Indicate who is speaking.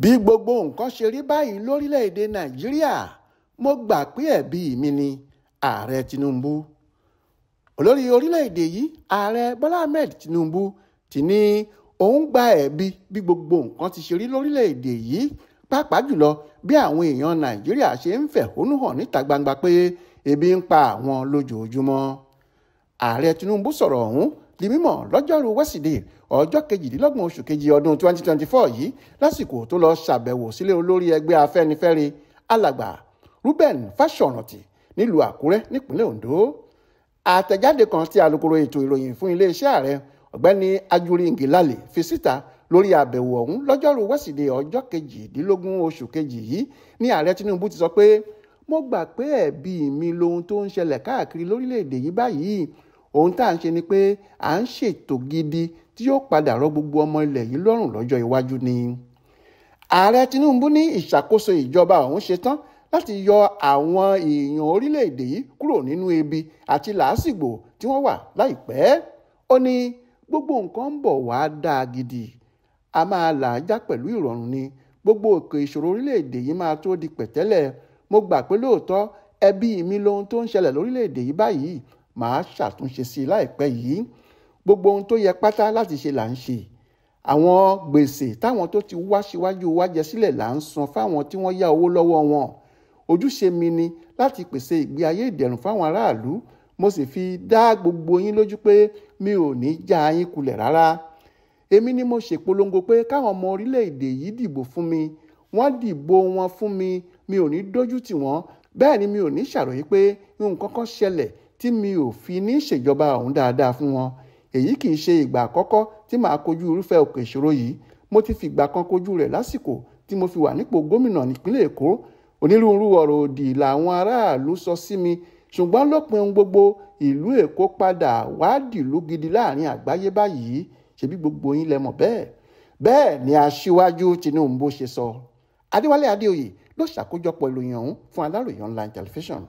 Speaker 1: bí gbogbo nǹkan ṣe rí báyìí lórílẹ̀‐èdè nàìjíríà mo gbà pé ẹ̀bi mi ni ààrẹ tinubu olórí orílẹ̀‐èdè yìí ààrẹ bọ́lá ahmed tinubu ti ní òun gba ẹ̀bi bí gbogbo nǹkan ti ṣe rí lórílẹ̀‐èdè yìí pàápàá jùlọ bí àwọn èèyàn nàìjíríà ṣe ń fẹ̀hónú hàn níta gbangba pé ebi ń pa àwọn lójoojúmọ́ ààrẹ tinubu sọ̀rọ̀ ọ̀hún di mímọ̀ lọ́jọ́rùú wẹ́sídẹ̀ẹ́ ọjọ́ kejìdínlọ́gbọ̀n oṣù kejì ọdún 2024 yìí lásìkò tó lọ ṣàbẹ̀wò sílé olórí ẹgbẹ́ afẹ́nifẹ́re alàgbà Reuben Fáṣọ̀rántì nílùú Àkúrẹ́ nípínlẹ̀ Ondo àtẹ̀jáde kan tí alukoro ètò ìròyìn fún iléeṣẹ́ ààrẹ ọ̀gbẹ́ni Ajuri Ngilale fi síta lórí àbẹ̀wò ọ̀hún lọ́jọ́rùú wẹ́sídẹ̀ẹ́ ọjọ́ kejìdínlógún oṣù kejì yìí ní ààrẹ Tinubu ti sọ pé mo gbà pé ẹ̀bi mi lohun tó ń ṣẹlẹ̀ káàkiri lórílẹ̀‐èdè yìí báyìí ohun tá à ń ṣe ni pé à ń ṣètò gidi tí yóò padà rọ gbogbo ọmọ ilẹ̀ yìí lọ́rùn lọ́jọ́ iwájú ni. ààrẹ Tinubu ní ìṣàkóso ìjọba òun ṣetán láti yọ àwọn èèyàn orílẹ̀-èdè yìí kúrò nínú ebi àti làásìgbò tí wọ́n wà láìpẹ́. ó ní gbogbo nǹkan ń bọ̀ wá dáa gidi a máa là á já pẹ̀lú ìrọ̀rùn ni gbogbo òkè ìṣòro orílẹ̀-èdè yìí máa tó di pẹ̀tẹ́lẹ̀ mo gbà pé lóòótọ́ ẹbí mi lohun tó ń ṣẹlẹ̀ lórílẹ̀-èdè yìí báyìí màá ṣàtúnṣe sí i láìpẹ́ yìí gbogbo ohun tó yẹ pátá láti ṣe là ń ṣe àwọn gbèsè táwọn tó ti wá síwájú wa jẹ sílẹ̀ là ń san fáwọn tí wọ́n yá owó lọ́wọ́ wọn ojúṣe mi ni láti pèsè ìgbé ayé ìdẹ̀rùn fáwọn aráàlú mo sì fi dá gbogbo yín lójú pé mi ò ní já yín kulẹ̀ rárá èmi ni mo ṣèpolongo pé káwọn ọmọ orílẹ̀-èdè yìí dìbò fún mi wọ́n dìbò wọn fún mi mi ò ní dójú tì wọ́n bẹ́ẹ̀ ni mi ò ní ṣàròyé pé nǹkan kan ṣẹlẹ̀ tí mi ò fi ní ṣèjọba ọ̀hún dáadáa fún wọn èyí kì í ṣe ìgbà àkọ́kọ́ tí màá kojú irúfẹ́ òkè ìṣòro yìí mo ti fìgbà kan kojú rẹ̀ lásìkò tí mo fi wà nípò gómìnà nípínlẹ̀ èkó onírúurú ọ̀rọ̀ òdì làwọn aráàlú sọ sí mi ṣùgbọ́n lópin ohun gbogbo ìlú èkó padà wá dìlú gidi láàrin àgbáyé báyìí ṣebí gbogbo yín lẹ́mọ̀ bẹ́ẹ̀ bẹ́ẹ̀ ni aṣíwájú tinubu ṣe sọ adéwálé adéoyè ló ṣàkójọpọ̀ ìròyìn ọ̀hún fún aláròyìn online television.